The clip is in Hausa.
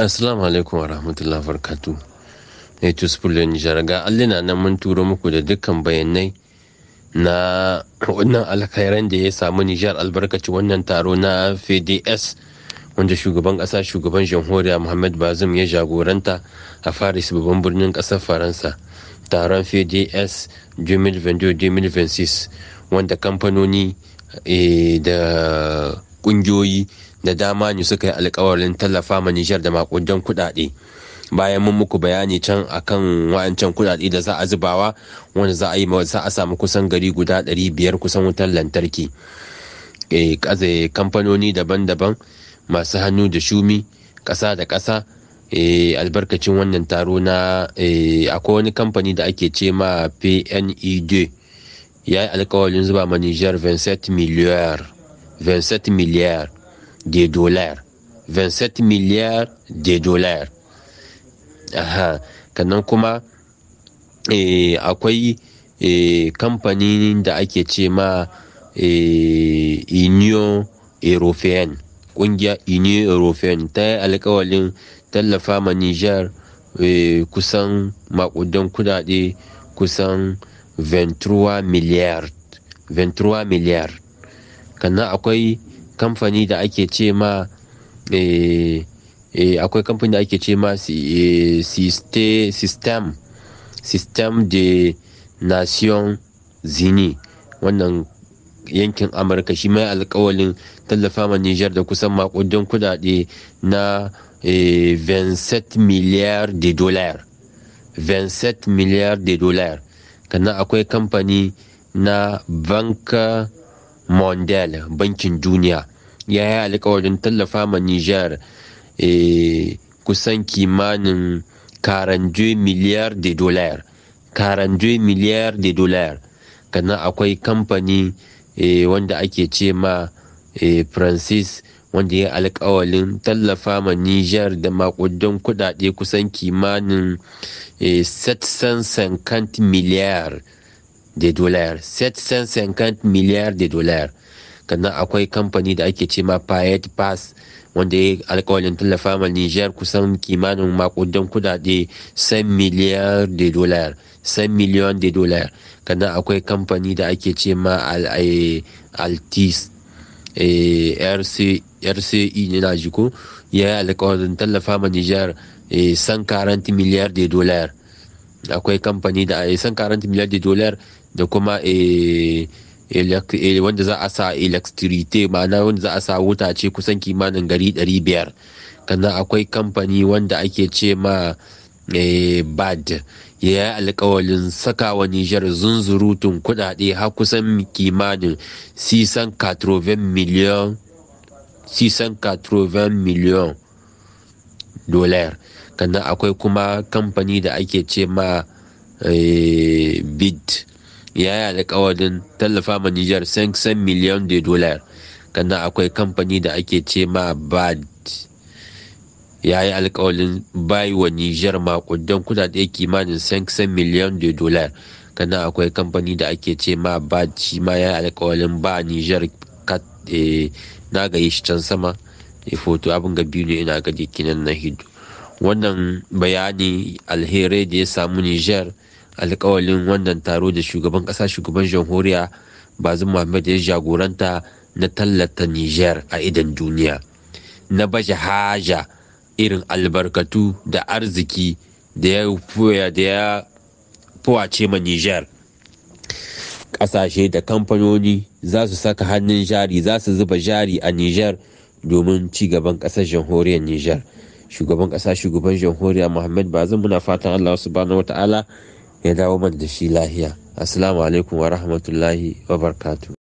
assalamu alaikum wa rahmatullahi barkatu ne tuspulo nijar ga allina nan mun turo muku da dukkan bayanai na wannan alkhairan da ya samu nijar albarkaci wannan taro na fds wanda shugaban kasa shugaban jamhuriya muhammad bazum ya jagoranta a faris babban birnin kasar faransa taron fds 2022-2026 wanda kamfanoni eh, da kungiyoyi da dama ne suka yi alkawarin tallafa ma Nijar da makudan kuɗaɗe. bayan mun muku bayani can akan wa'ancan kuɗaɗe da za a zubawa wanda za a yi za a samu kusan gari guda biyar kusan wutar lantarki kaze eh, kamfanoni daban-daban masu hannu da shumi ƙasa da ƙasa eh, albarkacin wannan taro na eh, akwai wani kamfani da ake ce ma pned ya yi alkawalin zuba ma niger 27 miliyar de dollars 27 miliyar de dollars aha kannan kuma e, akwai e, kamfanin da ake ce ma e, union european kungiya union european ta yi alkawalin tallafa ma niger e, kusan makudan kudade kusan 23 miliyar 23 miliyar kannan akwai kamfani da ake ce ma eh, eh, akwai kamfani da ake ce ma system eh, system de nation zini wannan yankin amurka shi mai alkawalin tallafa ma nijar da kusan makudin kudade na 27 miliyar de dolar 27 miliyar de dolar kana akwai kamfani na banka mondel bankin duniya ya yi alkawarin tallafa ma niger eh, kusan kimanin karanje miliyar de dolar karanje miliyar de dolar kana akwai kamfani eh, wanda ake ce ma eh, francis wanda ya alkawalin tallafa ma niger da makudan kudade kusan kimanin 750 miliyar de dollars 750 miliyar de dollars kannan akwai kamfani da ake ce ma payet pass wanda ya alkawalin tallafa ma niger kusan kimanin makudan kudade san miliyar de dollars san miliyon de dollars kannan akwai kamfani da ake ce ma eh, altis eh, rce ne na jiko ya yi alkawarin tallafa ma niger san 40 miliyar de dollars akwai kamfani da a san karanta miliyar dolar da kuma eh, eh, wanda za a sa electricity ma'ana wanda za a sa wuta ce kusan kimanin gari 500 kana akwai kamfani wanda ake ce ma eh, bad ya yi alkawalin saka wa nijar zunzurutun kudade har kusan kimanin sisan 80 miliyan dolayar kannan akwai kuma kamfani da ake ce ma eh, bid ya yi alkawarin tallafa ma nijar 500 miliyan da dolayar kannan akwai kamfani da ake ce ma bad ya yi alkawarin bai wa nijar makudan kudade kimanin 500 miliyan da dolayar kannan akwai kamfani da ake ce ma bad shi ma ya alkawarin ba Nijar eh, na gaye shi can sama foto abin ga biyu ne ina ga kinan na hidu wannan bayani alheri da ya samu niger alkawalin wannan taro da shugaban kasa shugaban jamhuriya bazin muhammad ya jagoranta na tallata niger a idan duniya na baje haja irin albarkatu da arziki da ya fuwace ma niger kasashe da kamfanoni za su saka hannun jari za su zuba jari a niger domin ci gaban ƙasar jamhuriyar Nijar. Shugaban ƙasa shugaban jamhuriya Muhammad Bazin muna fatan Allah subhanahu wa ta'ala ya dawo mana da shi lahiya. Assalamu alaikum wa rahmatullahi wa barkatu.